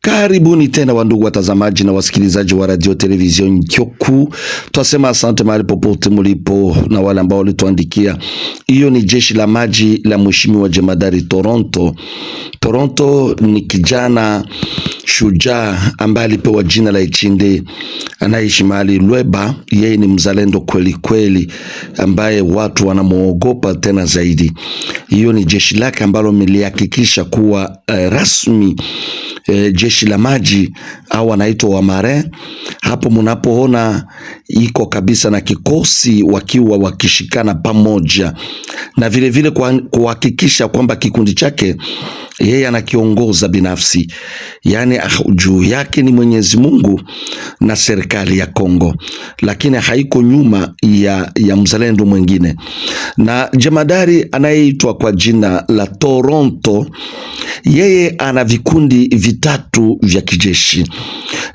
Karibuni tena wandugu watazamaji na wasikilizaji wa radio television Kyoku, twasema asante mahali popote mulipo, na wale ambao walituandikia. Hiyo ni jeshi la maji la mheshimiwa jemadari Toronto. Toronto ni kijana shujaa ambaye alipewa jina la Ichinde anaishi mahali Lweba. Yeye ni mzalendo kweli kweli, ambaye watu wanamwogopa tena zaidi. Hiyo ni jeshi lake ambalo milihakikisha kuwa eh, rasmi e, jeshi la maji au wanaitwa mare. Hapo mnapoona iko kabisa na kikosi wakiwa wakishikana pamoja, na vilevile kuhakikisha kwamba kikundi chake yeye anakiongoza binafsi, yaani ah, juu yake ni Mwenyezi Mungu na serikali ya Kongo, lakini haiko nyuma ya, ya mzalendo mwingine. Na jemadari anayeitwa kwa jina la Toronto, yeye ana vikundi vitatu vya kijeshi,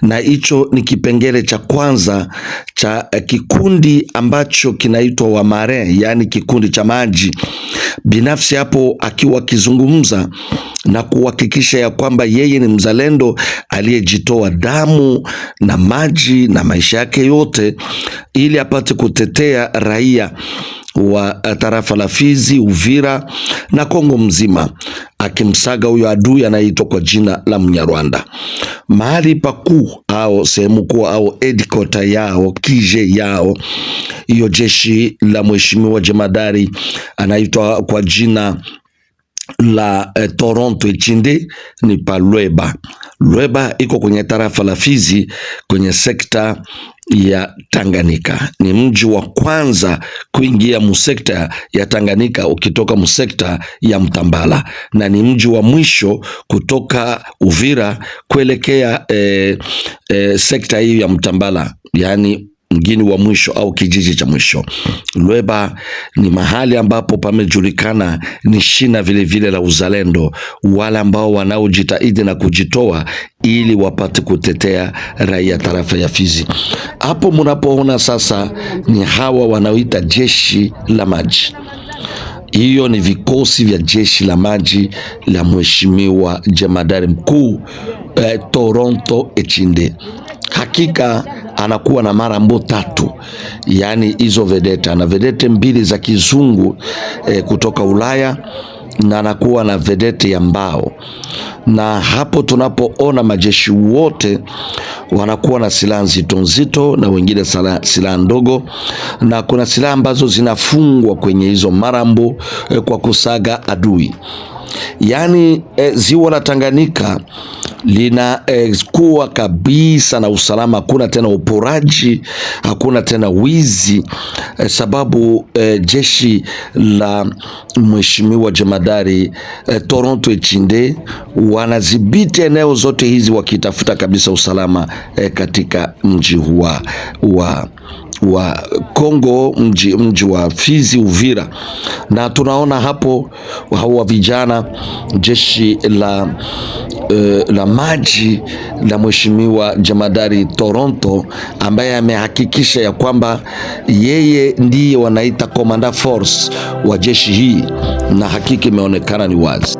na hicho ni kipengele cha kwanza cha eh, kikundi ambacho kinaitwa wamare, yaani kikundi cha maji binafsi. Hapo akiwa akizungumza na kuhakikisha ya kwamba yeye ni mzalendo aliyejitoa damu na maji na maisha yake yote ili apate kutetea raia wa eh, tarafa la Fizi, Uvira na Kongo mzima, akimsaga huyo adui anayeitwa kwa jina la Mnyarwanda. Mahali pakuu au sehemu kuu au headquarter yao kije yao hiyo jeshi la mheshimiwa jemadari anaitwa kwa jina la eh, Toronto Ichinde ni pa Lweba. Lweba iko kwenye tarafa la Fizi kwenye sekta ya Tanganyika. Ni mji wa kwanza kuingia musekta ya Tanganyika ukitoka musekta ya Mtambala, na ni mji wa mwisho kutoka Uvira kuelekea eh, eh, sekta hiyo ya Mtambala, yaani mgini wa mwisho au kijiji cha mwisho. Lweba ni mahali ambapo pamejulikana ni shina vilevile vile la uzalendo, wale ambao wanaojitahidi na kujitoa ili wapate kutetea raia tarafa ya Fizi. Hapo mnapoona sasa ni hawa wanaoita jeshi la maji hiyo ni vikosi vya jeshi la maji la mheshimiwa jemadari mkuu eh, Toronto Echinde. Hakika anakuwa na mara mbo tatu, yaani hizo vedeta na vedete mbili za kizungu e, kutoka Ulaya na anakuwa na vedete ya mbao, na hapo tunapoona majeshi wote wanakuwa na silaha nzito nzito na wengine silaha ndogo, na kuna silaha ambazo zinafungwa kwenye hizo marambo e, kwa kusaga adui, yaani e, ziwa la Tanganyika linakuwa eh, kabisa na usalama. Hakuna tena uporaji, hakuna tena wizi eh, sababu eh, jeshi la mheshimiwa jemadari eh, Toronto Echinde wanadhibiti eneo zote hizi wakitafuta kabisa usalama eh, katika mji wa, wa wa Kongo mji, mji wa Fizi, Uvira, na tunaona hapo hawa vijana jeshi la Eh, la maji la mheshimiwa Jamadari Toronto ambaye amehakikisha ya kwamba yeye ndiye wanaita commander force wa jeshi hii, na hakika imeonekana ni wazi.